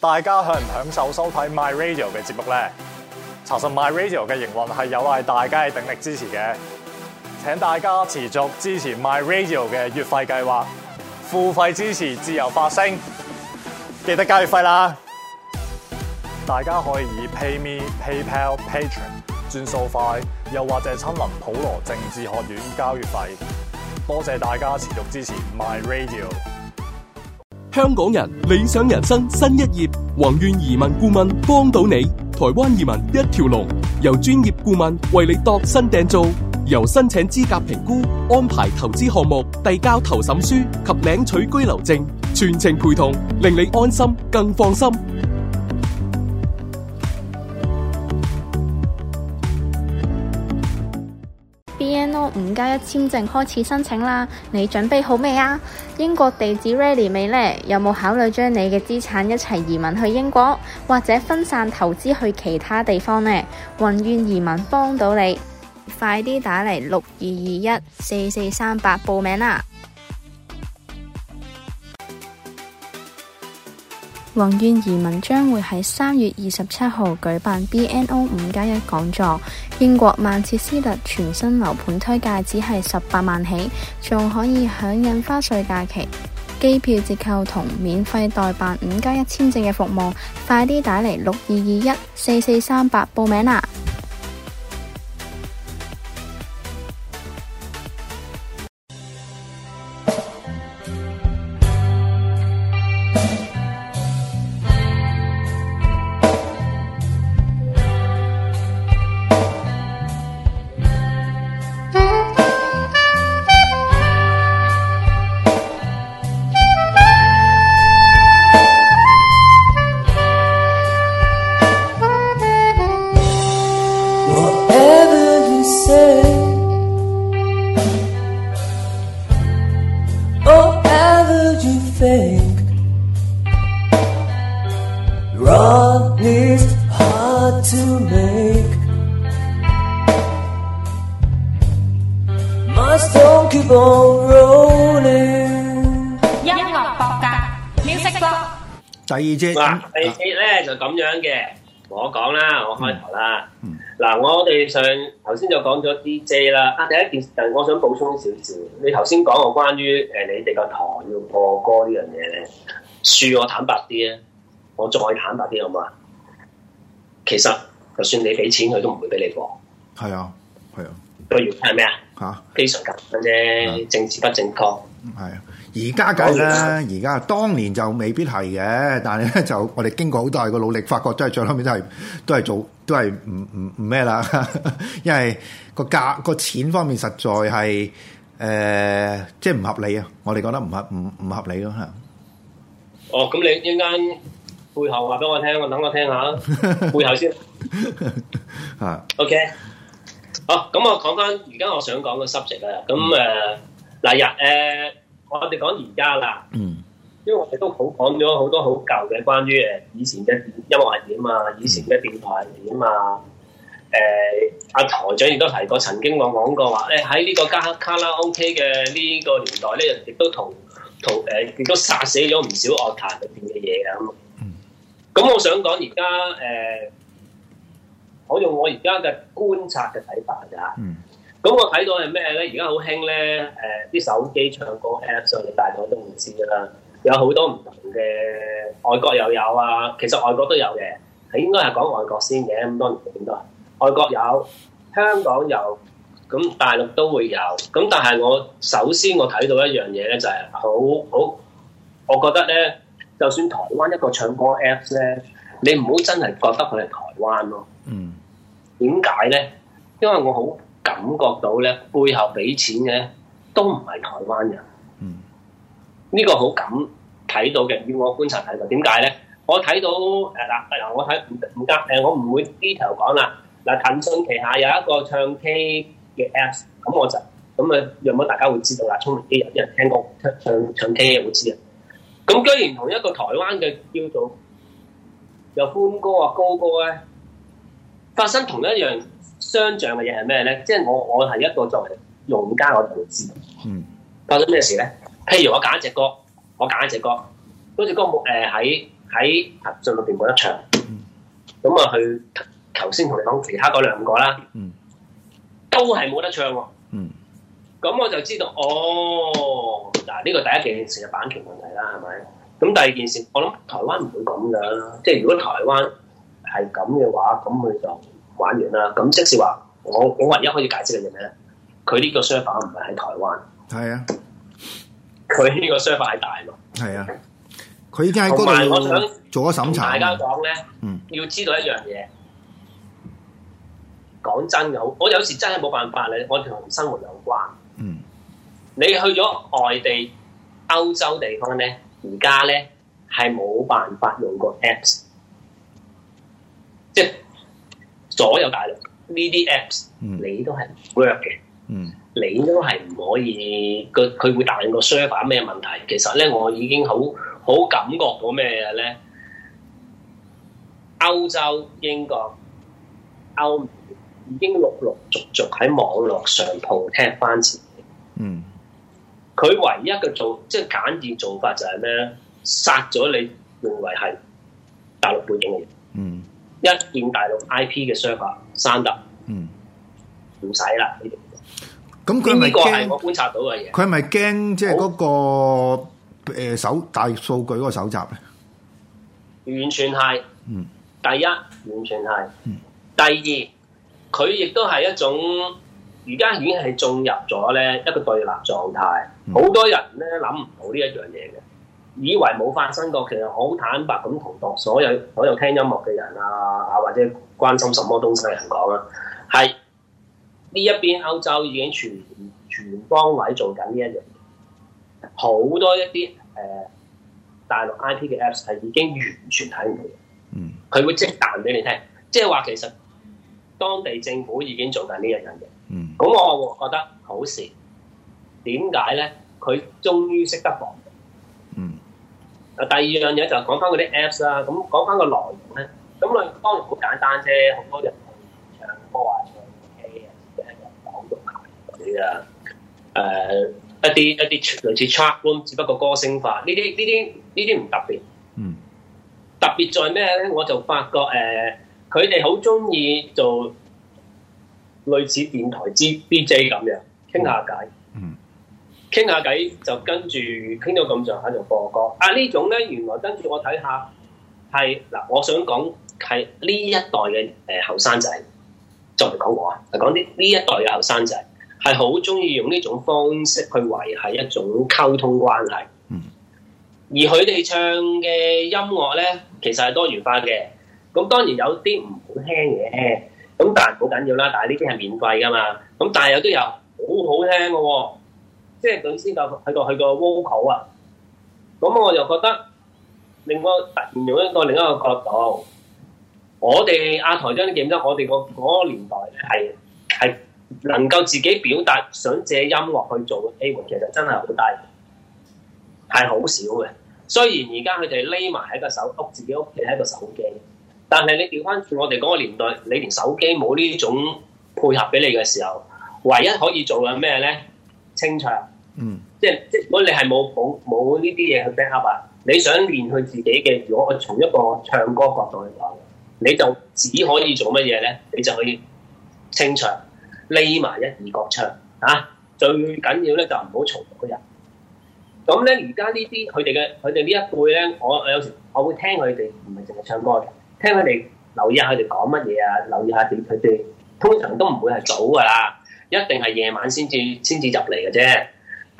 大家享唔享受收睇 My Radio 嘅節目咧？查實 My Radio 嘅營運係有賴大家嘅鼎力支持嘅，請大家持續支持 My Radio 嘅月費計劃，付費支持自由發聲，記得交月費啦！大家可以以 PayMe、PayPal、Patreon 轉數快，又或者親臨普羅政治學院交月費。多謝大家持續支持 My Radio。香港人理想人生新一頁，宏願移民顧問幫到你，台灣移民一條龍，由專業顧問為你度身訂做，由申請資格評估、安排投資項目、遞交投審書及領取居留證，全程陪同，令你安心更放心。加一簽證開始申請啦，你準備好未啊？英國地址 ready 未呢？有冇考慮將你嘅資產一齊移民去英國，或者分散投資去其他地方呢？宏願移民幫到你， 快啲打嚟，六二二一四四三八報名啦！宏願移民將會喺三月二十七號舉辦 BNO 五加一講座，英國曼徹斯特全新樓盤推介，只係十八萬起，仲可以享印花稅假期、機票折扣同免費代辦五加一簽證嘅服務，快啲打嚟六二二一四四三八報名啦！嗱，A 咧就咁、是、樣嘅，我講啦，我開頭啦。嗱，我哋上頭先就講咗 D J 啦、啊。第一件，事，我想補充少少。你頭先講個關於誒、呃、你哋個堂要播歌呢樣嘢，恕我坦白啲啊，我再坦白啲好唔好啊？其實，就算你俾錢佢都唔會俾你播。係、嗯嗯嗯、啊，係啊。個原因係咩啊？嚇，非常簡單啫，嗯、政治不正確。係啊、嗯。嗯嗯嗯嗯嗯嗯而家梗啦，而家當年就未必係嘅，但係咧就我哋經過好大個努力，發覺都係最後面都係都係做都係唔唔唔咩啦，因為個價個錢方面實在係誒即係唔合理啊！我哋覺得唔合唔唔合理咯嚇。哦，咁你一陣間背後話俾我聽，我等我聽下，背後先嚇。O K，好咁我講翻而家我想講嘅 subject 啊，咁誒嗱日誒。我哋講而家啦，嗯，因為我哋都好講咗好多好舊嘅關於誒以前嘅音樂係點啊，以前嘅電台係點啊，誒、呃、阿、啊、台長亦都提過，曾經我講過話，誒喺呢個加黑卡拉 OK 嘅呢個年代咧，亦都同同誒亦都殺死咗唔少樂壇裏邊嘅嘢啊，咁、嗯，咁、嗯、我想講而家誒，我、呃、用我而家嘅觀察嘅睇法啊。嗯咁我睇到係咩咧？而家好興咧，誒、呃、啲手機唱歌 Apps，你大陸都唔知㗎啦。有好多唔同嘅外國又有啊，其實外國都有嘅，係應該係講外國先嘅。咁多唔普遍都外國有，香港有，咁大陸都會有。咁但係我首先我睇到一樣嘢咧，就係好好，我覺得咧，就算台灣一個唱歌 Apps 咧，你唔好真係覺得佢係台灣咯。嗯，點解咧？因為我好感覺到咧，背後俾錢嘅都唔係台灣人。嗯，呢個好感睇到嘅，要我觀察睇到，點解咧？我睇到誒嗱嗱，我睇唔唔夾誒，我唔會呢頭講啦。嗱騰訊旗下有一個唱 K 嘅 Apps，咁我就咁啊，有冇大家會知道啦？聰明啲有啲人聽歌唱唱唱 K 嘅會知啊。咁居然同一個台灣嘅叫做有歡歌啊高歌咧，發生同一樣。相像嘅嘢係咩咧？即係我我係一個作為用家，我就會知。嗯，發生咩事咧？譬如我揀一隻歌，我揀一隻歌，嗰隻歌冇誒喺喺進裏邊冇得唱。咁啊、嗯，去頭先同你講其他嗰兩個啦。嗯，都係冇得唱喎。嗯，咁我就知道，哦，嗱，呢個第一件事係版權問題啦，係咪？咁第二件事，我諗台灣唔會咁樣，即係如果台灣係咁嘅話，咁佢就。玩完啦，咁即使話我我唯一可以解釋嘅嘢咩咧？佢呢個商 e 唔係喺台灣，係啊，佢呢個商 e r 喺大陸，係啊，佢已經喺嗰度做咗審查，大家講咧，嗯，要知道一樣嘢，講真嘅，我有時真係冇辦法咧，我同生活有關，嗯，你去咗外地歐洲地方咧，而家咧係冇辦法用個 apps，即係。所有大陸呢啲 apps，你都係 work 嘅，你都係唔可以個佢、嗯、會彈個 server 咩問題？其實咧，我已經好好感覺到咩嘢咧？歐洲、英國、歐盟已經陸陸續續喺網絡上鋪踢翻錢。嗯，佢唯一嘅做即係、就係、簡易做法就係咩？殺咗你認為係大陸背景嘅人。嗯。一件大陸 I P 嘅 server 生得，唔使啦。咁佢呢個係我觀察到嘅嘢。佢係咪驚即係嗰個好手，大數據嗰個蒐集咧？完全係，嗯，第一完全係，第二佢亦都係一種，而家已經係進入咗咧一個對立狀態。好、嗯、多人咧諗唔到呢一樣嘢嘅。以為冇發生過，其實好坦白咁同當所有所有聽音樂嘅人啊啊，或者關心什麼東西嘅人講啊，係呢一邊歐洲已經全全方位做緊呢一樣嘢，好多一啲誒、呃、大陸 I P 嘅 Apps 係已經完全睇唔到嘅，嗯，佢會即彈俾你聽，即係話其實當地政府已經做緊呢一樣嘢。嗯，咁我覺得好事，點解咧？佢終於識得防。嗯，嗱，第二樣嘢就係講翻嗰啲 Apps 啦、啊，咁講翻個內容咧，咁我當然好簡單啫，好多人唱歌啊、唱 K 啊、講嘢啊、誒、呃、一啲一啲類似 chat room，只不過歌聲化，呢啲呢啲呢啲唔特別。嗯，特別在咩咧？我就發覺誒，佢哋好中意做類似電台之 B J 咁樣傾下偈。聊聊傾下偈就跟住傾咗咁上下就播歌啊！種呢種咧原來跟住我睇下係嗱，我想講係呢一代嘅誒後生仔，再未講過啊！講啲呢一代嘅後生仔係好中意用呢種方式去維係一種溝通關係，嗯。而佢哋唱嘅音樂咧，其實係多元化嘅。咁當然有啲唔好聽嘅，咁但係冇緊要啦。但係呢啲係免費噶嘛，咁但係有都有好好聽嘅喎、哦。即係佢先教去個喺個 Vocal 啊，咁我又覺得另外突然用一個另一個角度，我哋阿、啊、台張顯得我哋、嗰個年代咧係能夠自己表達，想借音樂去做嘅機會，其實真係好低，係好少嘅。雖然而家佢哋匿埋喺個手足，自己屋企喺個手機，但係你調翻轉我哋嗰個年代，你連手機冇呢種配合俾你嘅時候，唯一可以做嘅咩咧？清唱。嗯，即係即係，如果你係冇冇冇呢啲嘢去 back up 啊，你想練佢自己嘅，如果我從一個唱歌角度嚟講，你就只可以做乜嘢咧？你就可以清場，匿埋一二角唱啊！最緊要咧就唔好嘈人啊！咁咧而家呢啲佢哋嘅佢哋呢一輩咧，我有時我會聽佢哋唔係淨係唱歌嘅，聽佢哋留意下佢哋講乜嘢啊，留意下點佢哋通常都唔會係早噶啦，一定係夜晚先至先至入嚟嘅啫。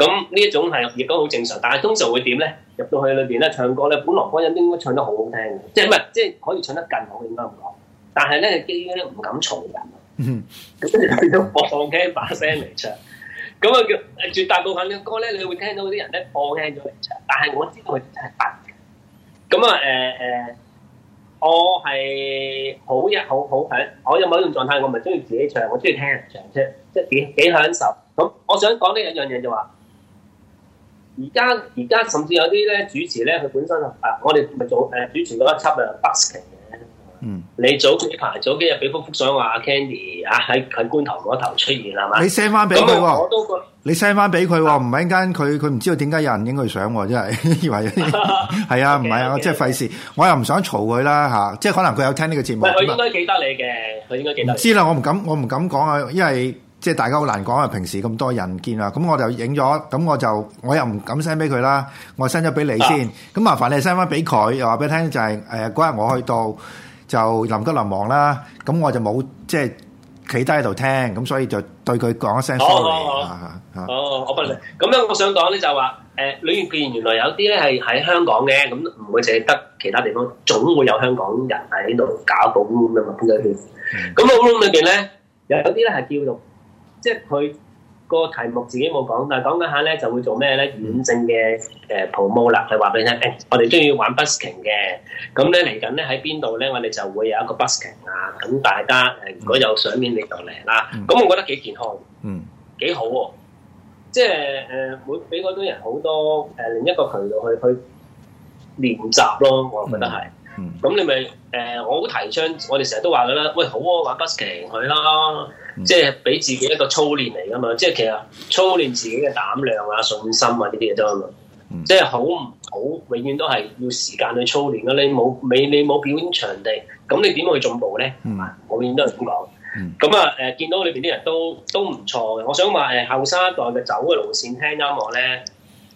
咁呢一種係亦都好正常，但係通常會點咧？入到去裏邊咧，唱歌咧，本來人音應該唱得好好聽嘅，即係唔係即係可以唱得更好，應該唔講。但係咧，機咧唔敢嘈人。嗯，咁跟住睇到放輕把聲嚟唱，咁啊叫絕大部分嘅歌咧，你會聽到嗰啲人咧放輕咗嚟唱，但係我知道佢真係白嘅。咁啊誒誒、啊啊，我係好一好好響，我有某一種狀態，我唔係中意自己唱，我中意聽人唱啫，即係幾幾享受。咁我想講呢一樣嘢就話、是。而家而家甚至有啲咧主持咧，佢本身啊，我哋咪做誒、呃、主持嗰一輯啊，busking 嘅。嗯。你早排早幾日俾幅幅相、啊，話 Candy 啊喺近官塘嗰頭出現係嘛？啊、你 send 翻俾佢喎，你 send 翻俾佢喎，唔係一間，佢佢唔知道點解有人影佢相喎，真係以為啲係、uh, okay, 啊，唔係 okay, okay, 啊，即係費事，我又唔想嘈佢啦吓，即係可能佢有聽呢個節目。佢應該記得你嘅，佢應該記得你。唔知啦，我唔敢，我唔敢講啊，因為。即係大家好難講啊！平時咁多人見啊，咁我就影咗，咁我就我又唔敢 send 俾佢啦，我 send 咗俾你先。咁麻煩你係 send 翻俾佢，又話俾你聽就係誒嗰日我去到就臨急臨忙啦，咁我就冇即係企低喺度聽，咁所以就對佢講一聲。哦哦哦哦，我唔係咁咧。我想講咧就係話誒旅遊團原來有啲咧係喺香港嘅，咁唔會淨係得其他地方，總會有香港人喺度搞個咁嘅環遊圈。咁啊，圈裏邊咧有啲咧係叫做。即係佢個題目自己冇講，但係講緊下咧就會做咩咧軟性嘅誒 promote 啦，佢話俾你聽。誒、欸，我哋中意玩 busking 嘅，咁咧嚟緊咧喺邊度咧，我哋就會有一個 busking 啊。咁大家誒，呃嗯、如果有上面你就嚟啦。咁、嗯、我覺得幾健康，嗯，幾好喎、啊。即係誒，會俾嗰種人好多誒、呃，另一個渠道去去練習咯。我覺得係。咁、嗯嗯、你咪誒、呃，我好提倡，我哋成日都話佢啦。喂，好啊，玩 busking 佢啦。即係俾自己一個操練嚟㗎嘛，即係其實操練自己嘅膽量啊、信心啊呢啲嘢都係嘛，嗯、即係好唔好，永遠都係要時間去操練㗎。你冇你你冇表演場地，咁你點去進步咧？嗯、我永遠都係咁講。咁、嗯、啊誒、呃，見到裏邊啲人都都唔錯嘅。我想話誒、呃，後生一代嘅走嘅路線聽音樂咧，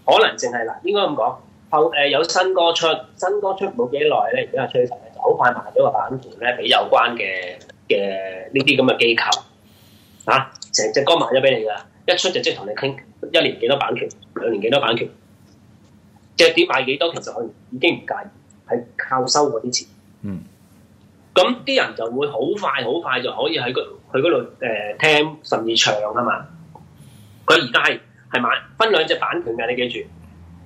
可能淨係嗱，應該咁講，後誒、呃、有新歌出，新歌出冇幾耐咧，而家係趨勢，就好快賣咗個版權咧，俾有關嘅嘅呢啲咁嘅機構。吓，成隻、啊、歌賣咗俾你噶，一出就即係同你傾，一年幾多版權，兩年幾多版權，隻碟賣幾多，其實我已經唔介意，係靠收嗰啲錢。嗯，咁啲人就會好快好快就可以喺佢佢嗰度誒聽，甚至唱啊嘛。佢而家係係買分兩隻版權嘅，你記住，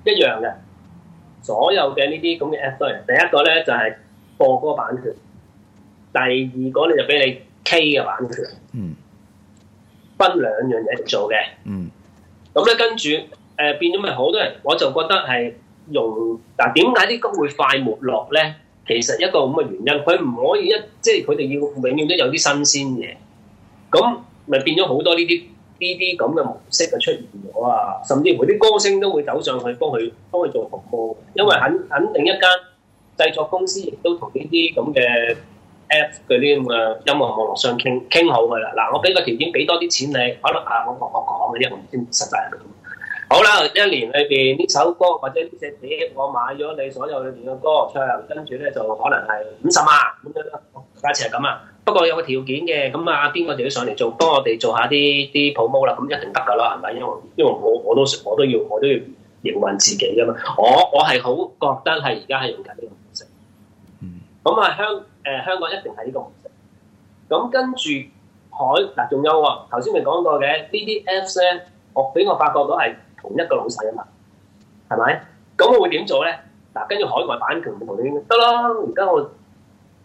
一樣嘅，所有嘅呢啲咁嘅 Apps 嘅，第一個咧就係、是、播歌版權，第二個咧就俾你 K 嘅版權。嗯。分兩樣嘢嚟做嘅，嗯，咁咧跟住，誒變咗咪好多人，我就覺得係用嗱點解啲歌會快沒落咧？其實一個咁嘅原因，佢唔可以一即係佢哋要永遠都有啲新鮮嘢，咁咪變咗好多呢啲呢啲咁嘅模式嘅出現咗啊！甚至乎啲歌星都會走上去幫佢幫佢做服務，因為肯肯定一間製作公司亦都同呢啲咁嘅。F 嗰啲咁嘅音樂網絡商傾傾好佢啦，嗱我俾個條件，俾多啲錢你，可能啊我我講嗰啲，我唔知實際係點。好啦，一年裏邊呢首歌或者呢隻碟，我買咗你所有裏邊嘅歌唱，跟住咧就可能係五十萬咁樣咯，價錢係咁啊。不過有個條件嘅，咁啊邊個就要上嚟做，幫我哋做下啲啲 promo 啦。咁一定得噶啦，係咪？因為因為我我都我都要我都要營運自己噶嘛。我我係好覺得係而家係用緊呢個模式。嗯。咁啊香。誒香港一定係呢個模式，咁跟住海嗱仲有喎，頭先未講過嘅呢啲 Apps 咧，我俾我發覺到係同一個老細啊嘛，係咪？咁我會點做咧？嗱，跟住海外版權唔同啲，得啦，而家我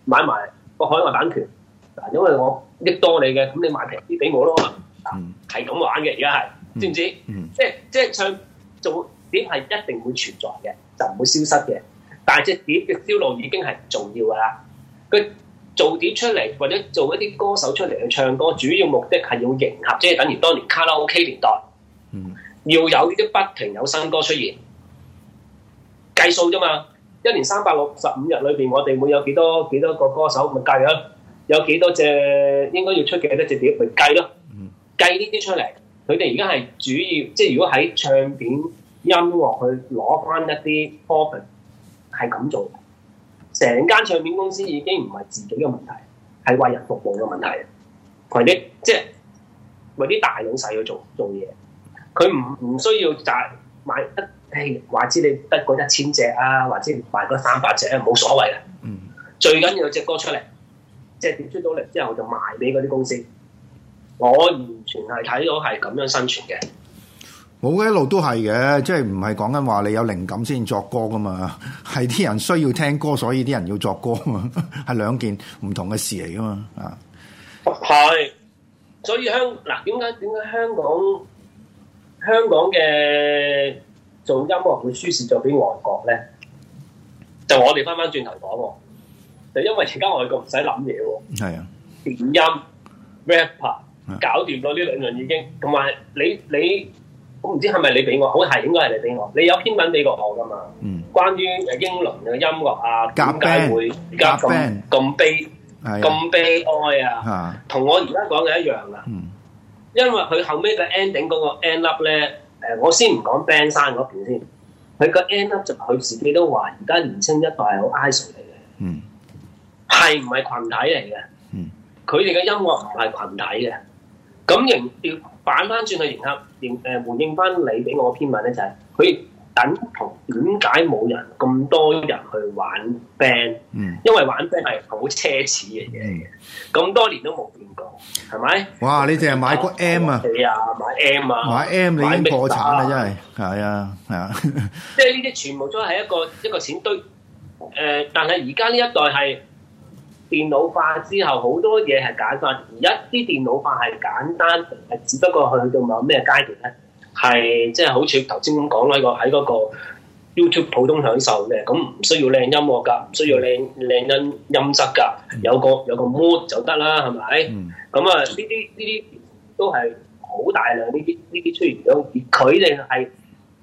買埋個海外版權，嗱，因為我益多你嘅，咁你賣平啲俾我咯，啊，係咁玩嘅，而家係知唔知？嗯，即係即係唱做碟係一定會存在嘅，就唔會消失嘅，但係隻碟嘅銷路已經係重要噶啦。佢做碟出嚟，或者做一啲歌手出嚟去唱歌，主要目的係要迎合，即、就、係、是、等於當年卡拉 OK 年代，嗯、要有呢啲不停有新歌出現，計數啫嘛！一年三百六十五日裏邊，我哋會有幾多幾多個歌手咪計咯？有幾多隻應該要出幾多隻碟咪計咯？嗯、計呢啲出嚟，佢哋而家係主要即係如果喺唱片音樂去攞翻一啲 profit，係咁做。成間唱片公司已經唔係自己嘅問題，係為人服務嘅問題，為啲即係為啲大老細去做做嘢，佢唔唔需要賺賣、哎、得，誒，話知你得個一千隻啊，或者賣個三百隻啊，冇所謂嘅。嗯，最緊要有隻歌出嚟，即係點出到嚟之後就賣俾嗰啲公司，我完全係睇到係咁樣生存嘅。冇覺一路都係嘅，即係唔係講緊話你有靈感先作歌噶嘛？係啲人需要聽歌，所以啲人要作歌嘛，係 兩件唔同嘅事嚟噶嘛。是啊，係。所以香嗱點解點解香港香港嘅做音樂會輸蝕咗俾外國咧？就我哋翻翻轉頭講喎，就因為而家外國唔使諗嘢喎，是啊，電音 rapper 搞掂咗呢兩樣已經，同埋你你。你我唔知係咪你俾我，好係應該係你俾我。你有篇文俾過我噶嘛？嗯。關於英倫嘅音樂啊，點解會而家咁咁悲，咁悲哀啊？同我而家講嘅一樣啊。嗯。因為佢後尾嘅 ending 嗰個 end up 咧，誒，我先唔講 band sound 嗰邊先。佢個 end up 就佢自己都話，而家年青一代係好 isolate 嚟嘅。嗯。係唔係群體嚟嘅？嗯。佢哋嘅音樂唔係群體嘅。咁人要。反翻轉去迎合，應誒回應翻你俾我篇文咧，就係佢等同點解冇人咁多人去玩 band？嗯，因為玩 band 係好奢侈嘅嘢，咁多年都冇變過，係咪？哇！你淨係買個 M 啊？你啊，買 M 啊！買 M 你已經破產啦，真係係啊係啊！即係呢啲全部都係一個一個錢堆誒，但係而家呢一代係。電腦化之後好多嘢係簡單，而家啲電腦化係簡單，係只不過去到某咩階段咧，係即係好似頭先咁講啦，個喺嗰個 YouTube 普通享受嘅，咁唔需要靚音樂㗎，唔需要靚靚音音質㗎，有個有個 mode 就得啦，係咪？咁啊，呢啲呢啲都係好大量呢啲呢啲出現咗，佢哋係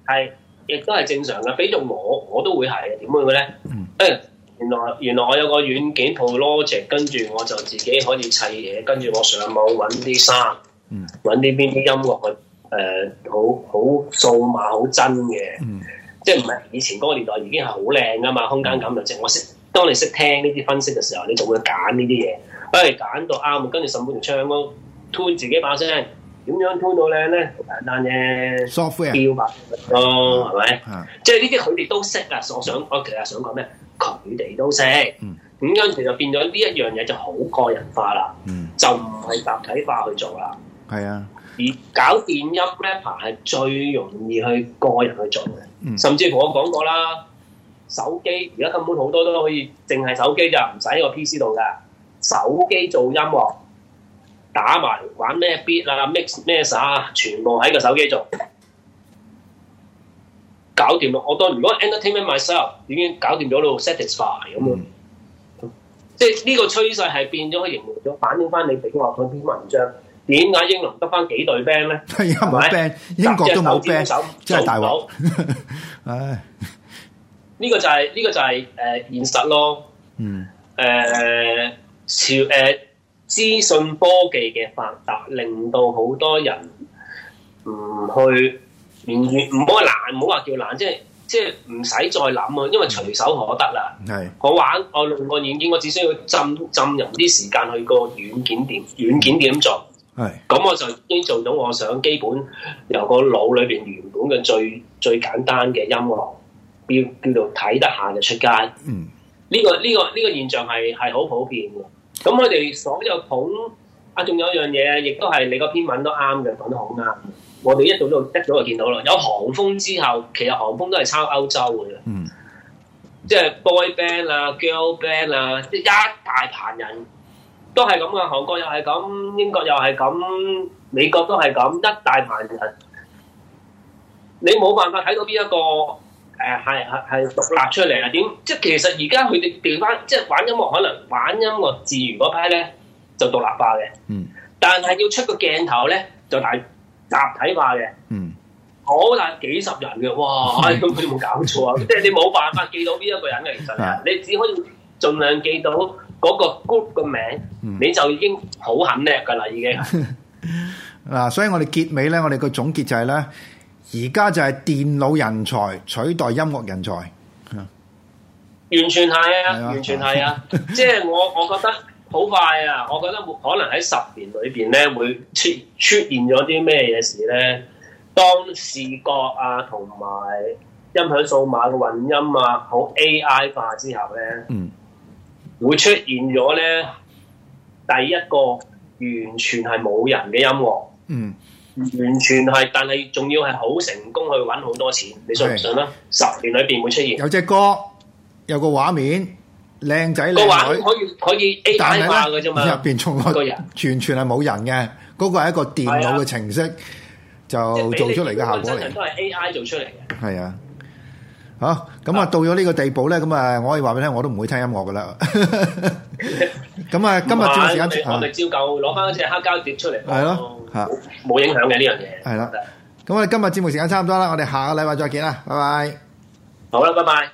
係亦都係正常嘅，俾到我我都會係點樣嘅咧？嗯。原來原來我有個軟件套 Logic，跟住我就自己可以砌嘢，跟住我上網搵啲衫，搵啲邊啲音樂去，誒，好好數碼好真嘅，即係唔係以前嗰個年代已經係好靚噶嘛，空間感就正。我識當你識聽呢啲分析嘅時候，你就會揀呢啲嘢。誒，揀到啱，跟住甚至乎唱個 turn 自己把聲，點樣 turn 到靚咧？好簡單啫，soft 調吧，咯係咪？即係呢啲佢哋都識啊！我想我其實想講咩？佢哋都識，咁樣其實變咗呢一樣嘢就好個人化啦，嗯、就唔係集體化去做啦。係啊，而搞電音 rapper 係最容易去個人去做嘅，嗯、甚至乎我講過啦，手機而家根本好多都可以，淨係手機就唔使喺個 PC 度㗎，手機做音樂，打埋玩咩 beat 啊，mix 咩曬、啊，全部喺個手機做。搞掂咯！我當如果 entertainment myself 已經搞掂咗咯，satisfy 咁咯。嗯、即係呢個趨勢係變咗，可以形容咗，反映翻你俾我嗰篇文章。點解英倫得翻幾隊 band 咧？冇 band，英國都冇 band，手手手真係大話。 唉，呢個就係、是、呢、這個就係、是、誒、呃、現實咯。嗯、呃。誒、啊，潮誒、啊、資訊科技嘅發達，令到好多人唔去。唔好話難，唔好話叫難，即係即係唔使再諗啊！因為隨手可得啦。係、嗯、我玩，我用個軟件，我只需要浸浸入啲時間去個軟件點，軟件點做。係咁、嗯，我就已經做到我想基本由個腦裏邊原本嘅最最簡單嘅音樂，叫叫做睇得下就出街。嗯，呢、呢個呢、呢個呢、呢個現象係係好普遍嘅。咁我哋所有捧啊，仲有一樣嘢，亦都係你嗰篇文都啱嘅講得好啱。我哋一早就一早就見到啦，有韓風之後，其實韓風都係抄歐洲嘅。嗯，即係 boy band 啊、girl band 啊，即係一大棚人都係咁啊。韓國又係咁，英國又係咁，美國都係咁，一大棚人。你冇辦法睇到邊一個誒？係係係獨立出嚟啊？點？即係其實而家佢哋變翻，即係玩音樂可能玩音樂自娛嗰批咧就獨立化嘅。嗯，但係要出個鏡頭咧就大，集體化嘅，嗯、好大幾十人嘅。哇！咁佢哋冇搞錯啊，即係 你冇辦法記到呢一個人嘅，其實你只可以盡量記到嗰個 group 個名，嗯、你就已經好肯叻㗎喇，已經嗱。所以我哋結尾咧，我哋個總結就係咧，而家就係電腦人才取代音樂人才，嗯、完全係啊，嗎完全係啊，即係 我我覺得。好快啊！我覺得可能喺十年裏邊咧，會出出現咗啲咩嘢事咧？當視覺啊，同埋音響數碼嘅混音啊，好 AI 化之後咧，嗯，會出現咗咧第一個完全係冇人嘅音樂，嗯，完全係，但係仲要係好成功去揾好多錢，你信唔信啊？是十年裏邊會出現有隻歌，有個畫面。靚仔靚女，可以可以 A I 化嘅啫嘛，入邊充個人，完全係冇人嘅，嗰個係一個電腦嘅程式就做出嚟嘅效果嚟。都係 A I 做出嚟嘅，係啊，好，咁啊，到咗呢個地步咧，咁啊，我可以話俾你聽，我都唔會聽音樂噶啦。咁啊，今日節目時間，我咪照舊攞翻嗰隻黑膠碟出嚟。係咯，吓，冇影響嘅呢樣嘢。係啦，咁我哋今日節目時間差唔多啦，我哋下個禮拜再見啦，拜拜。好啦，拜拜。